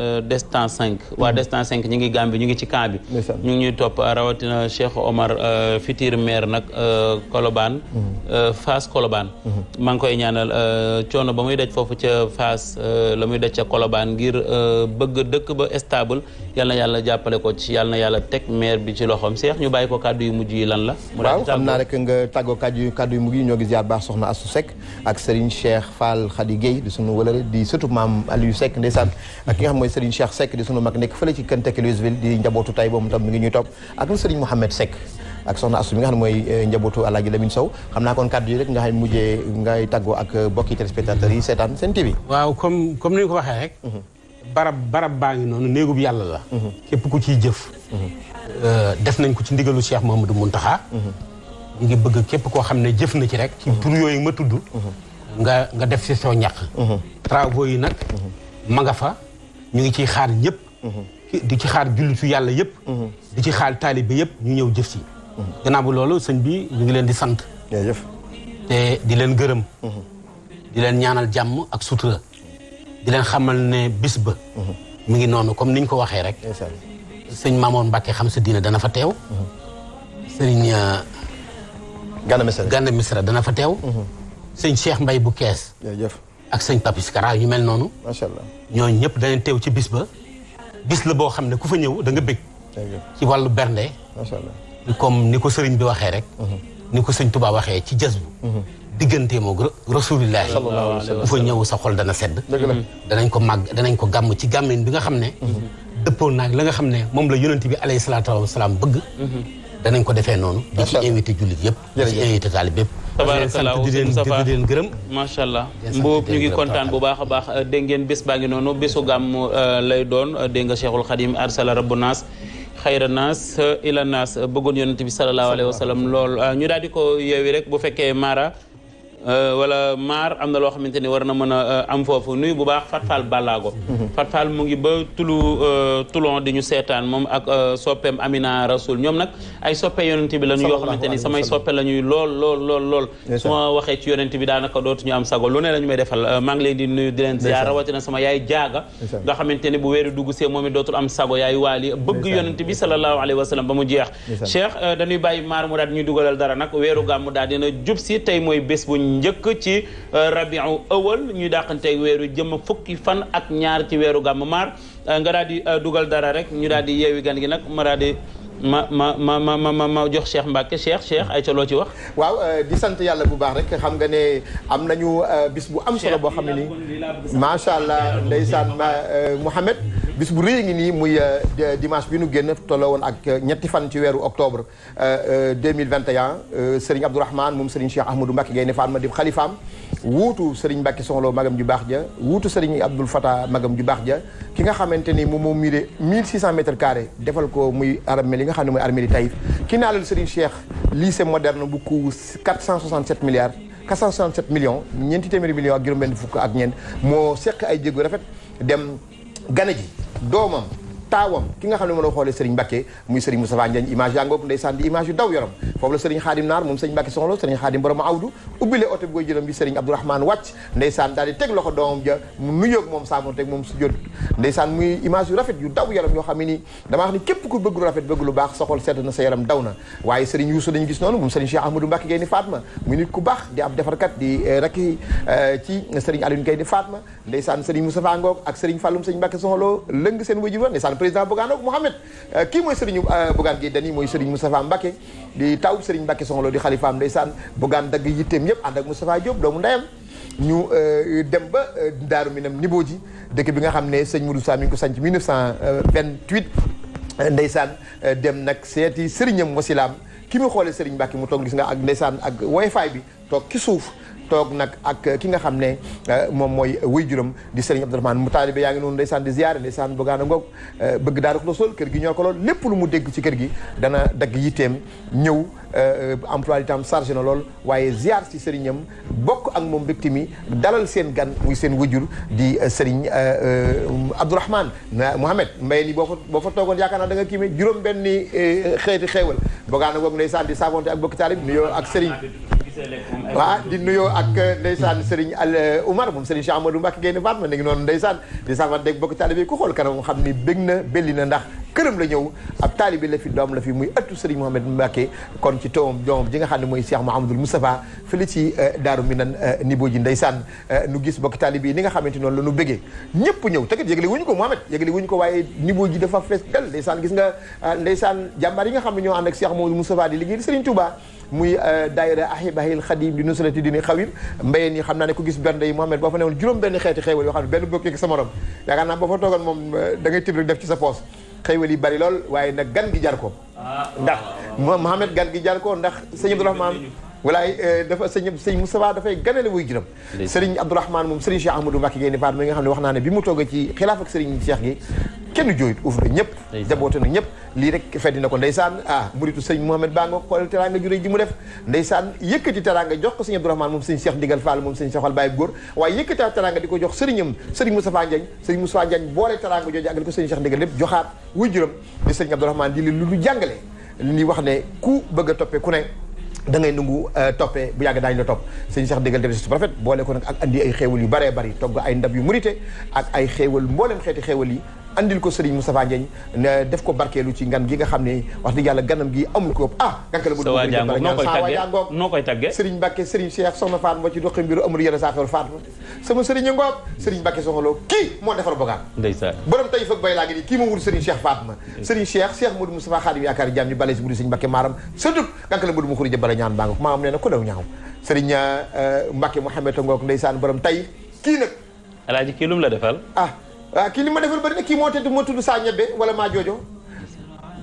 [SPEAKER 1] euh, Destan 5 mm-hmm. waa Destan 5 ñu ngi Gambie ñu ngi ci camp bi ñu ngi ñuy topp euh, rawatina Cheikh Omar futur maire nag Colobane mm-hmm. Fass Colobane mm-hmm. maa ngi koy ñaanal coono ba muy daj foofu ca Fass la muy daj ca Colobane ngir bëgg dëkk ba stable yal na yàlla jàppale ko ci yal na yàlla teg maire bi ci loxoom Cheikh ñu bàyyi ko kàddu yu mujj yi lan la waaw xam naa rek
[SPEAKER 2] nga tàggoo kàddu yu kàddu mujj yi ñoo ngi ziar baax soxna Astou Seck ak Serigne Cheikh Fall Khady Guèye di sunu wëlëre di surtout maam Aliou Seck ndeysaan ak ki nga xam mooy Serigne Cheikh Seck di sunu mag nekk fële ci Kentucky Louisville di njabootu tay boobu tam mi ngi ñuy topp ak na nga xam eh, mujjee ngay tàggoo ak eh, bokki téléspectateurs yi seetaan Sen TV
[SPEAKER 3] waaw comme comme ko waxee rek mhm. barab barab baa ngi noonu néegub yàlla la mhm. képp ku ciy jëf mhm. eh, def nañ ko ci ndigalu Cheikh Mamadou Mountakha ñu ngi bëgg képp koo xam ne jëf na ci rek ci tur yooyu ma tudd nga nga def si soo ñaq travaux yi nag maga fa ñu ngi ciy xaar ñëpp di ci xaar jullitu yàlla yëpp di ci xaar taalibe yëpp ñu ñëw jëf si gannaaw bu loolu sëñ bi ñu ngi leen di sant te di leen gërëm di leen ñaanal jàmm ak sutura di leen xamal ne bis ba mu ngi noonu comme niñ ko waxee rek sëñ Maamoon Mbàkke xam sa diine dana fa teew sëriñ euh, Gana Messere Gana Messere dana fa teew. Mhm. sëñ Cheikh Mbay bu kees. jërëjëf ak sëñ Papis Kara yu mel noonu. macha allah ñooñu ñëpp danañ teew ci bis ba. bis la boo xam ne ku fa ñëw danga nga bëgg. ci wàllu bernde. comme ni ko sëriñ bi waxee rek. Mhm. ni ko sëñ Tuubaa waxee ci jës bu. Mhm. digganteem ak rasulillah bu fa ñëw sa xol dana sedd. danañ ko màgg danañ ko gàmm ci gàmmin bi nga xam ne. dëppoon naa la nga xam ne moom la yonent bi alayhi salaatu wa salaam bëgg. danañ ko defee noonu. di ci invité jullit yëpp. di ci invité taalib yëpp.
[SPEAKER 1] tabaarakalaaw di leen sant di leen gërëm. ñu ngi kontaan bu baax a baax euh, dégg ngeen bés baa ngi noonu bésu gàmm euh, lay doon euh, dégg nga Cheikhul Khadim arsala rabbu naas xayra naas ila naas bëggoon yonent bi salallaahu alayhi wa sallam lool ñu daal di ko yeewi rek bu fekkee Mara. Euh, wala maar am na loo xamante ni war na mën a euh, am foofu nuyu bu baax Fatfal Balago mhm. Fatfal mu ngi ba tulu euh, Toulon di ñu seetaan moom ak soppeem Amina Rasoul ñoom nag ay soppe yonent bi lañu yoo xamante ni samay soppe la ñuy lool lool lool lool su ma waxee ci yonent bi daanaka dootu ñu am sago lu ne la ñu may defal maa ngi leen di nuyu di leen ziar rawatina sama yaay jaaga nga ni bu weeru dugg see moom i dootul am sago yaay waali bëgg yonent bi sallallahu alayhi wa sallam ba mu jeex cheikh dañuy bàyyi maar mu daal di ñuy dugalal dara nag weeru njëkk ci euh, rabiu awal ñu dàqanteeg weeru jëm fukki fan ak ñaar ci weeru gàmm maar euh, nga daal di euh, dugal dara rek ñu daal di yeewi gan gi nag ma daal ma ma ma ma ma ma jox Cheikh Mbacke Cheikh Cheikh ay ca ci wax. waaw euh, di
[SPEAKER 2] sant yàlla bu baax rek xam nga ne am nañu euh, bis bu am solo boo xam ne nii macha allah ndeysaan euh, Mouhamed bis bu rëy ngi nii muy dimanche bi nu génn tolloo woon ak ñetti fan ci weeru octobre 2021 Serigne Abdourahmane moom Serigne Cheikh Ahmadou Mbacke Gaynde Fatma di xalifaam wuutu Serigne Mbacke soxlo magam ju baax ja wuutu Serigne Abdoul Fatah magam ju baax ja ki nga xamante ni moom moo miiree 1600 mètres carrés defal ko muy arab meli nga xam ne mooy armée di Taïf ki naalal Serigne Cheikh lycée moderne bu coût 467 milliards 467 millions ñeenti téeméeri millions ak juróom-benn fukk ak ñeent moo seq ay jéego rafet dem gane ji doomam taawam ki nga xam ne mën a xoolee Serigne Mbacke muy Serigne Moustapha Ndiagne ak Serigne Falloum Serigne Mbacke soxloo lëng seen wajur wa ndeysaan président Bougane ak Mouhamed euh, kii mooy Serigne euh, Bougane gi dañuy mooy Serigne Moustapha Mbacké di taw Serigne Mbacké soxla di xalifaam ndeysaan Bougane dagg yitteem yëpp ànd ak Moustapha Diop doomu ndeyam ñu euh, dem ba Daaru Minam niboo ji dëkk bi nga xam ne sëñ Modou Sa mi ngi ko sanc 1928 ndeysaan dem nag seeti sëriñam wasilaam ki mu xoolee Serigne Mbacké mu toog gis nga ak ndeysaan ak wifi bi toog ci suuf toog nag ak euh, ki nga xam ne euh, moom mooy euh, wuy juróom di Serigne Abdourahmane mu taalibe yaa ngi noonu ndeysaan di ziyaare ndeysaan bëggaan a ngoog bëgg daara ko sol kër gi ñoo ko lool lépp lu mu dégg ci kër gi dana dagg yitteem ñëw emploi du temps chargé na lool waaye ziar ci sëriñam bokk ak moom victime yi dalal seen gan muy seen wujur di sëriñ Abdourahmane Mohamed Mbaye ni boo fa boo fa toogoon yaakaar naa da nga kiime juróom benni xeeti xeewal bogaa na ngoog ndeysaan di saafonte ak bokki taalib nuyoo ak sëriñ waaw di nuyoo ak euh, ndeysaan Serigne Al euh, Oumar moom Serigne Cheikh Amadou Mbacke Gaynde Fatma na ngi noonu ndeysaan di sax wax dëgg bokk taalibe ku xool kanam xam ni bég na belli na ndax këram la ñëw ab taalibe la fi doom la fi muy ëttu Serigne Mohamed Mbacke kon ci toom doomam ji nga xam ne mooy Cheikh Mouhamadoul Moustapha fële ci euh, Daaru Minan nibo ji ndeysaan nu gis bokk taalibe yi ni nga xamante noonu la nu bégee ñëpp ñëw te kat yëgle wuñu ko Mohamed yëgle wuñu ko waaye nibo ji dafa fees del ndeysaan gis nga ndeysaan jàmbaar yi xam ne ñoo ànd ak Cheikh Mouhamadoul Moustapha di liggéey di muy euh, daayira ahibahil xadim di nusrati dini xawim mbayeen yi xam naa ne ko gis bernde yi Mohamed boo fa newoon juróom benn xeeti xeewal yoo xam sa morom yaakaar naa boo fa euh, nag gan gi jar ko ah, ndax Mohamed gan gi jar ko ndax sëñ Abdourahmane walaay euh, dafa sëñ sëñ Moustapha dafay ganale wuy jërëm sëriñ Abdourahmane ne wax naa ne bi mu toog ci xilaaf ak sëriñ Cheikh gi kenn jooyut uuf na ñëpp jaboote na ñëpp lii rek feddi na ko ndeysaan saan ah, muritu sëñ Mouhamed Ba nga xool teraanga ju réy ji mu def ndeysaan yëkkati teraanga jox ko sëñ Abdourahmane moom sëñ Cheikh Ndigal Fall moom sëñ Cheikh Fall Baye Góor waaye yëkkati teraanga di ko jox sëriñam sëriñ Moustapha Ndiagne sëriñ Moustapha Ndiagne boole teraanga jooju ak li ko sëñ Cheikh Ndigal lépp joxaat wuy juróom di sëriñ Abdourahmane di li lu jàngale li wax ne ku bëgg a ku ne da ngay nangu euh, toppee bu yàgg daañu la topp sëñ Cheikh Ndigal def su rafet boole ko nag ak andi ay xéewal yu baree bari togg ay ndab yu murite ak ay xéewal mboolem xeeti xéewal yi indil ko Serigne Moustapha Dieng def ko barkeelu ci ngan gi nga xam ne wax dëgg yàlla ganam gi amul ko ah gàkkale bu dugg jangoog
[SPEAKER 1] koy tagge Serigne
[SPEAKER 2] Mbacke Serigne Cheikh soxna a saaxeelu Faat sama Serigne ngoog Serigne Mbacke soxaloo kii moo defar bogaan ndeysaan borom tey fëg bay laa ngi nii kii moo wut Serigne Cheikh Faat ma Serigne Cheikh Cheikh Modou Moustapha Khadim yaakaar jaam ñu bale si budi Serigne Mbacke maaram surtout gàkkale bu dugg xuri jëbale ñaan baa nga maam nee na ko daw ñaaw Serigne euh, Mbacke Mouhamed ngoog ndeysaan borom tey kii nag
[SPEAKER 1] alaaji kii lu la defal
[SPEAKER 2] ah waaw ah, kii li ma defal bëri na kii moo tëdd ma tudd saa ñebbe wala maa joojo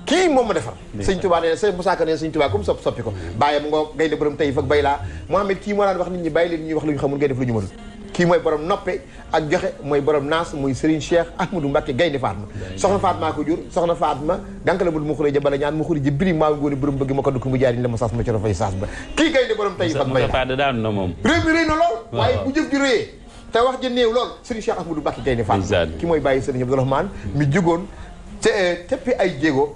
[SPEAKER 2] kii moom ma defal sëñ Tuubaa nee na sëñ bay laa leen ñuy wax lu ñu xamul ngay def lu ñu mënul kii mooy borom noppe ak joxe mooy borom naas muy Serigne Cheikh Ahmadou Mbacke Gaynde Fatma soxna Fatma ko jur soxna coro fay saas ba kii gaynde borom tayif ak bay laa
[SPEAKER 1] réew
[SPEAKER 2] na lool waaye bu jëf ji te wax ji néew lool sëriñ Cheikh Ahmadou Mbacké Gaïndé Fatma ki mooy bàyyi sëriñ Abdourahmane mi jugoon te eh, teppi ay jéego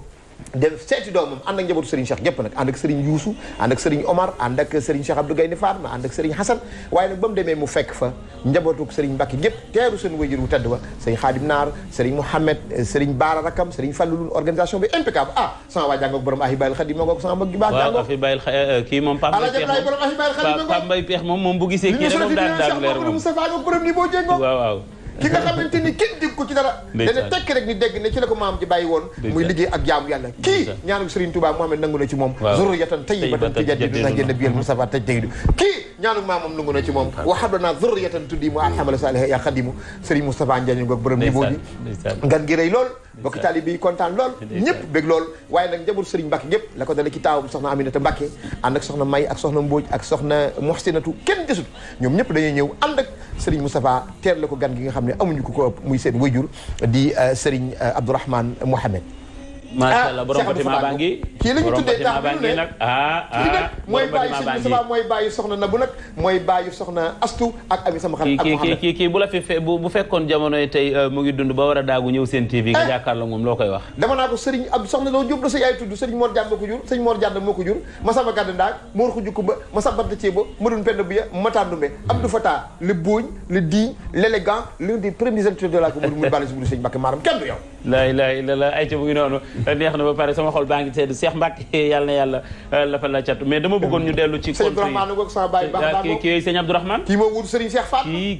[SPEAKER 2] dem seeti doomam ànd ak njabootu Serigne Cheikh gépp nag ànd ak Serigne Youssou ànd ak Serigne Omar ànd ak Serigne Cheikh Abdou Gaynde Fatma ànd ak Serigne Hassan waaye nag ba mu demee mu fekk fa njabootu Serigne Mbacke gépp teeru seen wajur wu tedd ba Serigne Khadim Naar Serigne Mohamed eh, Serigne Baara Rakam Serigne Fallou organisation bi impeccable ah sama waa jàngoog borom ahi bayil xadim ma ngoog sama mag gi baax jàngoog
[SPEAKER 1] ahi eh, moom Pape Mbaye moom moom bu gisee kii rek moom daan
[SPEAKER 2] daan ni boo jéngoog waaw ki nga xamante ni kenn dégg ko ci dara dana tekk rek ni dégg ne ci la ko maam ji bàyyi woon muy liggéey ak jaamu yàlla kii ñaanuk Serigne Touba Mohamed nangu na ci moom zoro yatan tayyibatan tujaddidu najjana biyal Mustafa taj daydu kii ñaanuk maamam nangu na ci moom waxadoonaa zoro yatan tuddi mu alhamala salih ya xadimu Serigne Moustapha Ndiagne ngoog borom niveau bi ngan gi rëy lool bokki taalibe kontaan lool ñëpp bég lool waaye nag njaboot sëriñ Mbàkke gépp la ko dale ci taawam soxna Aminata Mbàkke ànd ak soxna May ak soxna Mbóoj ak soxna Moxsinatu kenn desut ñoom ñëpp dañuy ñëw ànd ak sëriñ Moustapha teer la ko gan gi nga xam ne amuñu ko ko ëpp muy seen wayjur di euh, sëriñ euh, Abdourahmane Mohamed macha ah, allah borom bâtiment baa ngi
[SPEAKER 1] kii la ñu tuddee taax bi nag ah ah mooy bàyyi sëñ Moustapha mooy bàyyi soxna
[SPEAKER 2] na bu nag mooy bàyyi soxna astu ak ami sama xam kii
[SPEAKER 1] kii kii bu la fi fe bu fekkoon jamonoy tey euh, mu ngi dund ba war a daagu ñëw seen TV nga eh! jàkkaarloo moom loo koy wax
[SPEAKER 2] dama naa ko sëriñ ab soxna loo jub la sa yaay tudd sëriñ Mor Jàdd moo ko jur sëriñ Mor Jàdd moo ko jur Masamba Gàdd Ndaag Mor Xuju Kumba Masamba Ceeba Madun Penda Buya Matandumbe Abdou Fata le Bougne le digne l'élégant l'un des premiers intellectuels
[SPEAKER 1] de la commune mu bàyyi bu sëriñ laa ilaaha illallaah ayca mu ngi noonu neex na ba pare sama xol baa ngi sedd Cheikh Mbacke eh, yàlla na yàlla eh, la fa la cat mais dama bëggoon ñu dellu ci
[SPEAKER 2] kii
[SPEAKER 1] kii sëñ Abdourahmane kii moo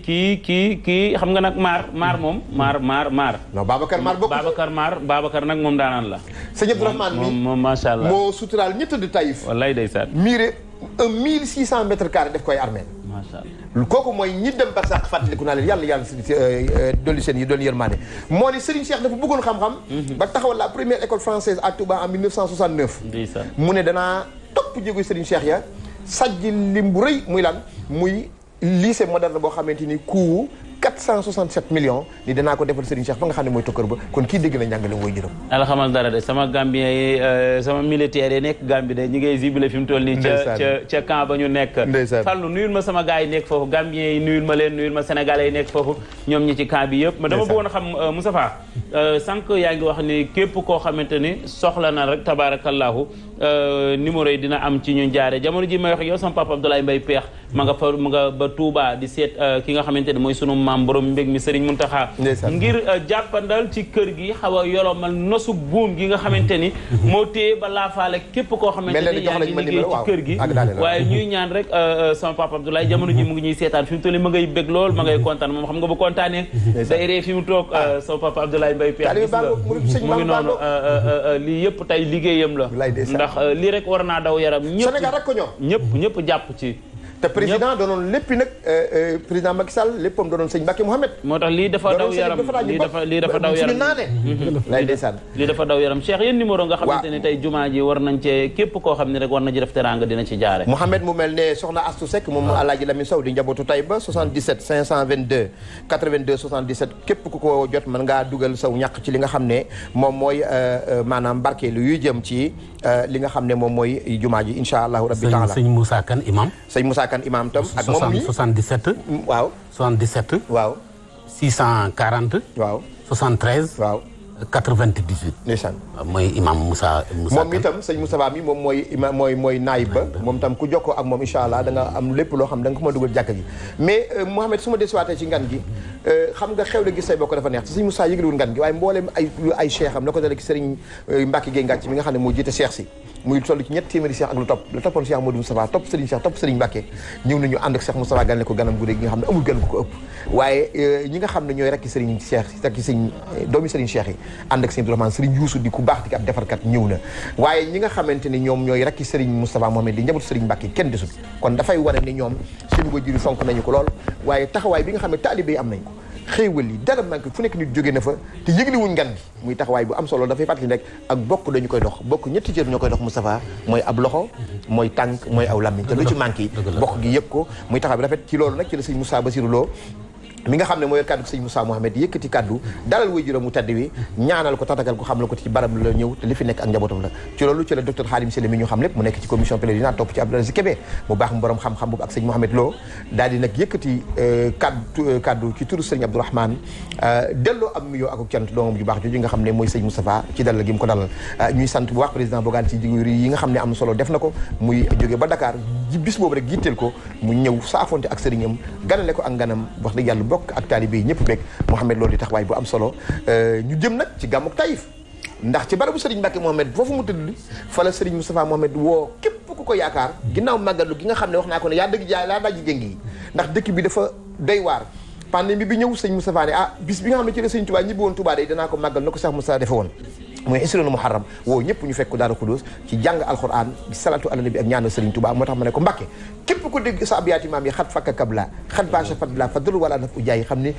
[SPEAKER 1] kii kii xam nga nag maar maar moom maar maar maar non Babacar maar bokk Babacar maar Babacar nag moom daanaan la sëñ Abdourahmane mi moom macha allah moo suturaal ñett de Taïf wallaay day saat miire un mille six cent
[SPEAKER 2] def koy armeel macha allah kooku mooy ñi dem ba sax fàttaliku naa leen yàlla yàlla euh, euh, dolli seen yi dolli yërmande moo ne Serigne Cheikh dafa bëggoon xam-xam mhm. ba taxawal la première école française à en mu ne danaa topp jéegu Serigne Cheikh ya sajj lim bu rëy muy lan muy lycée moderne boo xamante ni ku 467 millions ni danaa ko defal Serigne Cheikh ba nga xam ne mooy tokkër ba kon kii dégg na njàngale mooy juróom
[SPEAKER 1] ala xamal dara de sama gambien yi euh, sama militaire yi nekk Gambie de ñi ngay zibile fi mu toll nii ca ca ca ba ñu nekk fallu nuyul ma sama gars yi nekk foofu gambien yi nuyul ma leen nuyul ma sénégalais yi nekk foofu ñoom ñi ci camp bi yëpp ma dama bëggoon a xam euh, Moustapha euh, sànq yaa ngi wax ni képp koo xamante soxla na rek tabarakallahu numéro yi dina am maam borom mbég mi Serigne Mountakha ngir euh, jàppandal ci kër gi xaw a yolomal nosu buum gi nga xamante ni mhm. moo téye ba laafaale képp koo xamante ni yaa ngi liggéey ci kër gi waaye ñuy ñaan rek euh, euh, sama papa Abdoulaye jamono ji mu ngi ñuy seetaan fi mu ma ngay bég lool ma ngay kontaan moom xam nga bu kontaanee day ree fi mu toog ah. sama papa Abdoulaye Mbaye Père mu ngi noonu lii yëpp tey liggéeyam la ndax lii rek war naa daw yaram ñëpp ñëpp ñëpp jàpp ci
[SPEAKER 2] te président doonoon léppi nag euh, euh, président Macky Sall léppam doonoon sëñ Mbacke Mouhamed. moo tax lii dafa daw yaram lii dafa lii dafa daw yaram lay mhm. ndeysaan
[SPEAKER 1] lii dafa daw yaram Cheikh yéen numéro nga xamante ne tey jumaa ji war nañ cee képp koo xam ne na ci def teranga dina ci jaare Mouhamed mu mel ne soxna Astou
[SPEAKER 2] Seck moom ah. Alaaji Lamine Sow di njabootu Taïba 77 522 82 77 képp ku ko jot mën ngaa dugal saw ñàq ci li nga xam ne moom mooy euh, maanaam barke lu yuy jëm ci li nga xam ne moom mooy jumaa ji incha allahu rabbi taala sëñ Moussa Kane imam
[SPEAKER 3] Sakkan Imaam tam. ak moom mii 77. waaw 77. waaw 640. waaw 73. waaw 98. ndeysaan waaw euh, mooy Imaam Moussa Moussa moom
[SPEAKER 2] itam sëñ Moussa Ba mi moom mooy imaam mooy mooy ba moom itam ku jokkoo ak moom incha allah da nga am lépp loo xam da nga ko mën a dugal jàkka gi. mais euh, Mouhamed su ma desuwaatee ci ngan gi euh, xam nga xew la gis say bokk dafa neex te sëñ Moussa yëgaliwul ngan gi waaye mboolem ay ay la ko dalee ci sëriñ Mbacke Gueye Ngathie mi nga xam ne moo jiite seex si muy toll ci ñett téeméeri Cheikh ak lu topp la toppoon Cheikh Modou Moustapha topp Serigne topp Serigne Mbacké ñëw nañu ànd ak Cheikh Moustapha ganale ko ganam gu ne amul gan gu ko ëpp waaye euh, ñi nga xam euh, yi ku baax di ko ab defarkat ñi nga xamante ni ñoom ñooy rekki Serigne Moustapha Mohamed di njabootu Serigne Mbacké kenn desul kon dafay wane ni ñoom seen wajur fonk nañu ko lool waaye taxawaay bi nga xam ne taalibe yi am nañ ko xéewal yi dara manqué fu nekk nit jóge na fa te yëgle wuñ ngan bi muy taxawaay bu am solo dafay fàttali rek ak bokk dañu koy dox bokk ñetti cër ñoo koy dox Moustapha mooy ab loxo mooy tànk mooy aw làmmiñ te lu ci manqué yi bokk gi yëg ko muy taxaw bi rafet ci loolu nag ci la sëñ si Basirou Lo mi nga xam ne mooy kaddu sëñ Moussa Mohamed yëkkati kaddu dalal way juróom mu tedd wi ñaanal ko tatagal ko xam la ko ci barab la ñëw te li fi nekk ak baax mu borom xam-xam boobu ak sëñ Mohamed euh, euh, ci euh, nga xam ne mooy sëñ Moustapha ci dalal gi mu ko dalal ñuy sant bu baax président Bougane ci jigu yi nga xam ne am solo def na ko muy jóge ba Dakar bis boobu rek yitteel ko mu ñëw saafonte ak sëriñam ganale ko ak ganam wax dëgg yàlla bokk ak taalibe yi ñëpp bég Mouhamed loolu di taxawaay bu am solo euh, ñu jëm nag ci gàmmuk Taïf ndax ci barabu Serigne Mbacke Mohamed foofu mu tëdd fa la Serigne Moustapha Mohamed woo képp ku ko yaakaar ginnaaw màggalu gi nga xam ne wax naa ko ne yaa dëgg jaay laa dajji jëng yi ndax dëkk bi dafa doy waar pandémie bi ñëw sëñ Moustapha ne ah bis bi nga xam ne ci la sëñ Touba ñibbi woon Touba danaa ko màggal na ko Cheikh Moustapha defe woon mooy isronu muharram woo ñëpp ñu fekk daara kudus ci jàng alquran ci salatu ala nabi ak ñaanal Serigne Touba moo tax ma ne ko Mbàkke képp ku dégg sa abiyaati maam yi xat fakka kabla xat baasa fadla fadlu wala naf ujaay xam ne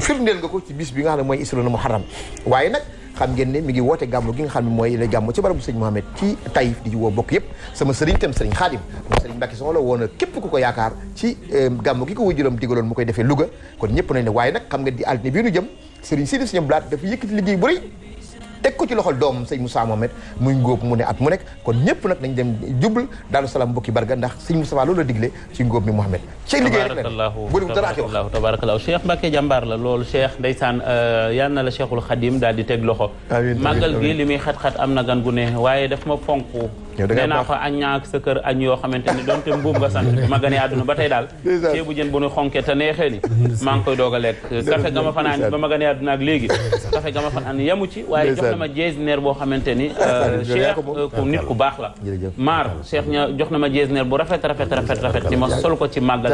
[SPEAKER 2] firndeel nga ko ci bis bi nga xam ne mooy isronu muharram waaye nag xam ngeen ne mi ngi woote gàmmu gi nga xam ne mooy la gàmmu ci barabu sëñ Mohamed ci Taïf di ci woo bokk yëpp sama sëriñ tam sëriñ Xaadim moom sëriñ Mbàkke Soxla woon na képp ku ko yaakaar ci gàmmu gi ko wujjuram digaloon mu koy defee Louga kon ñëpp nañ ne waaye nag xam nga di altine bii nu jëm sëriñ Sidi Sëñ Blaat dafa yëkkati liggéey bu rëy teg ko ci loxol doomam sëñ Moussa Mohamed muy ngóob mu ne at mu nekk kon ñëpp nag nañ dem jublu Daaru Salaam mbokki barga ndax sëñ Moussa loolu la digle ci ngóob mi Mohamed ci liggéey
[SPEAKER 1] rek la bu dara ak wax tabarakallahu Cheikh Mbacke jàmbaar la loolu Cheikh ndeysaan euh, yal na la Cheikhul Khadim daal di teg loxo màggal gi li muy xat-xat am na gan gu ne waaye def ma fonk nee naa ko añ ñaak sa kër añ yoo xamante ni donte mbuub nga sant ma a àdduna ba tey daal [laughs] ceebu jën bu nu xonke te neexee ni maa ngi koy doog a lekk kafe ga ma fanaan ba ma gane àdduna ak léegi kafe ga ma fanaan yamu ci waaye jox na ma jeesineer boo xamante ni [laughs] euh, cheikh euh, ku nit ku baax la maar cheikh ña jox na ma jeesineer bu rafet rafet rafet rafet ci ma sol ko ci màggal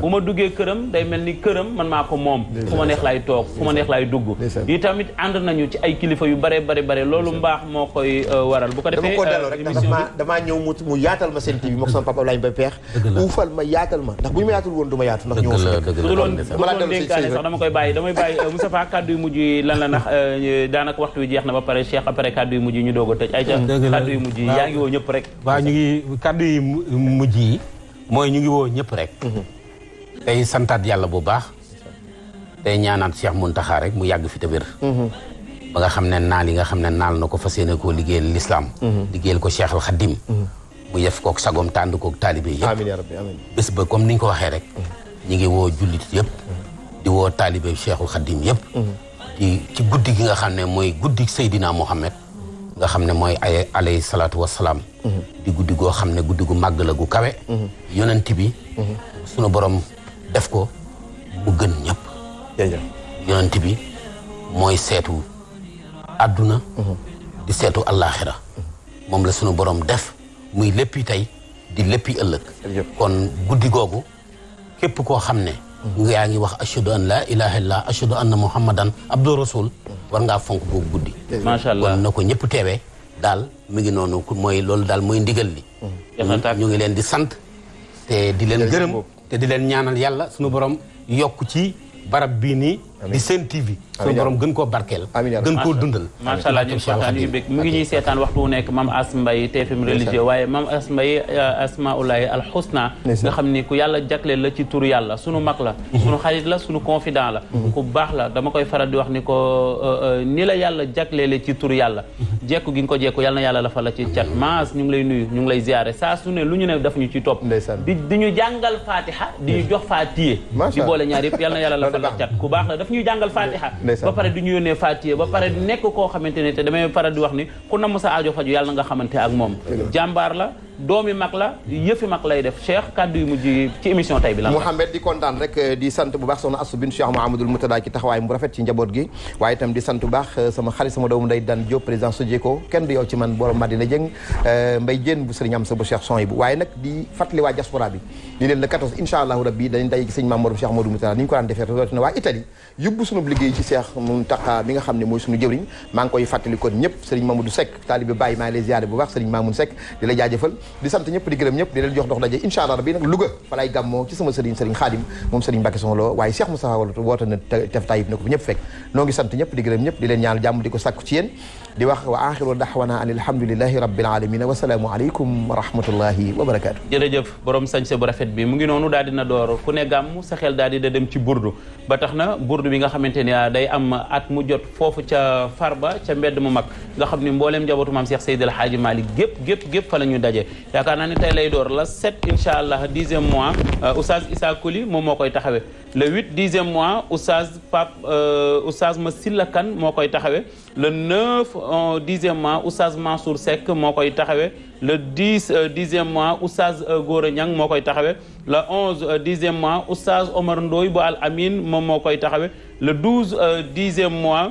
[SPEAKER 1] bu ma duggee këram day mel ni këram man maa ko moom fu ma neex laay toog fu ma neex laay dugg yi tamit ànd nañu ci ay kilifa yu bare bare bare loolu mbaax moo koy euh, waral bu ko defee
[SPEAKER 2] damaa damaa ñëw mu mu yaatal ma seen TV moom sama papa Abdoulaye Mbaye Pekh uufal ma yaatal ma ndax bu ñu ma yaatal woon du ma yaatu ndax ñëw loon dénkaane
[SPEAKER 1] koy bàyyi damay bàyyi euh, Moustapha kàddu yu mujj yi lan la ndax euh, daanaka waxtu wi jeex na ba pare a après kàddu yu mujj yi ñu doog a tëj ay ca kàddu yu mujj yi yaa ngi woo ñëpp rek
[SPEAKER 3] waaw ñu ngi kàddu yu mujj yi mooy ñu ngi woo ñëpp rek mm-hmm. tey santaat yàlla bu baax tey ñaanaat Cheikh Mountakha rek mu yàgg fi te wér mm-hmm. ba nga xam ne naal yi nga xam ne naal na ko fa yéene koo liggéeyal lislaam mhm. liggéeyal ko Cheikh al Xadim mhm. mu yef kook sagom tànd kook taalibe yëpp amiin ba comme ni ñu ko waxee rek mhm. ñi ngi woo jullit yëpp di woo taalibe Cheikhul Xadim yëpp ci guddi gi nga xam ne mooy guddi Seydina Mohamed nga xam ne mooy ay alayhi salaatu wasalaam di guddi goo xam ne guddi gu màgg la gu kawe yonent bi sunu borom def ko mu gën ñëpp yonent bi mooy seetu àdduna mhm. di seetu allaaxira moom la sunu borom def muy léppi tey di léppi ëllëg kon guddi googu képp koo xam ne mhm. yaa ngi wax ashhadu an laa ilaha illallah ashhadu anna muhammadan abdu rasul mhm. war ngaa fonk boobu guddi kon na ko ñëpp teewee daal mu ngi noonu mooy loolu daal mooy ndigal li ñu ngi leen di sant te di leen gërëm te di leen ñaanal yàlla sunu borom yokk ci barab bii nii di seen TV. amiin borom gën koo barkeel. gën koo dundal. macha allah ñu ngi kontaan ñu
[SPEAKER 1] bëgg mu ngi ñuy seetaan waxtu wu nekk maam As Mbaye TFM religieux waaye maam As eh, Mbaye asmaulahi alxusna nga xam ni ku yàlla jagleel la ci turu yàlla sunu mag la. Mhm. sunu xarit la sunu confident la. Mhm. ku baax la dama koy faral di wax ni ko eh, eh, ni la yàlla jagleele ci turu yàlla. Mhm. jekku gi ko jekku yàlla na la fa la ci cat maas ñu lay nuyu ñu ngi lay ziare saa su ne lu ñu ne daf ñu ci topp. di ñu jàngal fatiha di ñu jox fatiye di boole ñaar [laughs] ñuy jàngal fatiha ba pare du ñu yónnee fatiha ba pare nekk koo xamante ne te damay faral di wax ni ku namm sa aajo faju yàlla nga xamante ak moom jàmbaar la doomi mag la yëfi mag lay def Cheikh kàddu yu mujj
[SPEAKER 2] ci émission tay bi la Mouhamed di kontaan rek eh, di sant bu baax soxna Astou bin Cheikh Mouhamadoul Moutada ci taxawaay mu rafet ci njaboot gi waaye itam di sant bu baax eh, sama xarit kenn du yow ci man borom Madina Dieng eh, mbay jéen bu sëriñ am sa bu Cheikh son waaye nag di fàttali waa diaspora le 14 incha allahu rabbi dañ day sëñ Maam Morom Cheikh Mouhamadoul Moutada ni ci Cheikh Mountakha bi nga xam ne mooy sunu jëwriñ maa ngi koy fàttali kon ñëpp sëriñ Mamadou Seck taalibi Baye maa ngi lay ziaré bu baax sëriñ Mamoun Seck di la jaajëfal di sant ñëpp di gërëm ñëpp di leen jox dox daje incha allah rabbi nag Louga fa lay gàmmoo ci sama sëriñ sëriñ Xaadim moom sëriñ Mbàkke Soxna Lo waaye Cheikh Moustapha woote na tef tayib na ko fi ñëpp fekk noo ngi sant ñëpp di gërëm ñëpp di leen ñaanal jàmm di ko sàkku ci yéen di wax wa axiru daxwana an alhamdulilahi rabbil alamina wasalaamu aleykum wa rahmatullahi wa barakaatu
[SPEAKER 1] jërëjëf borom sañse bu rafet bi mu ngi noonu daal dina door ku ne gàmm sa xel daal da dem ci burdu ba tax na burdu bi nga xamante ni ah, day am at mu jot foofu ca farba ca mbedd mu mag nga xam ni mboolem njabootu maam Cheikh Seydil Hadji Malick gépp gép gépp fa la ñu daje yaakaar naa ne tey lay door la 7 incha allah dixième mois euh, oustaz Issa Koli moom moo koy taxawee le 8 dixième mois oustaz Pape euh, oustaz Masila Kane moo koy taxawee on dixième mois oustaz Mansour Seck moo koy taxawee le dix euh, dixième mois oustaz euh, Gora Niang moo koy taxawee le onze euh, dixième mois oustaz Omar Ndoy bu Al Amin moom moo koy taxawee le douze dixième mois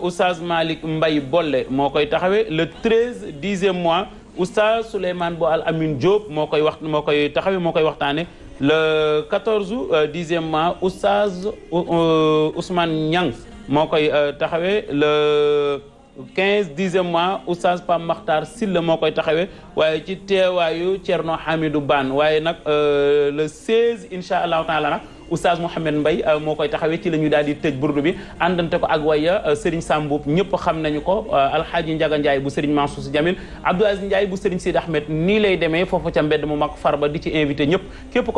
[SPEAKER 1] oustaz Malick Mbay Bolle moo koy taxawee le treize dixième mois oustaz Souleymane bu Al Amin Diop moo koy wax moo koy taxawee moo koy waxtaanee le quatorze dixième mois oustaz Ousmane Niang moo koy taxawee le. quinze dixième mois oustaz Pam Makhtar Silla moo koy taxawee waaye ci teewaayu Thierno Hamidou baan waaye nag euh, le 16 incha allahu taala nag oustaz Mouhamed mbay euh, moo koy taxawee ci la ñu daal di tëj burdu bi àndante ko ak waya euh, Serigne Samboub ñëpp xam nañu ko alxaaji Njaga Njaay bu Serigne Mansour Sy Jamil Abdou Aziz Ndiaye bu Serigne Sid Ahmed nii lay demee foofu ca mbedd mu mag Farba di ci invité ñëpp képp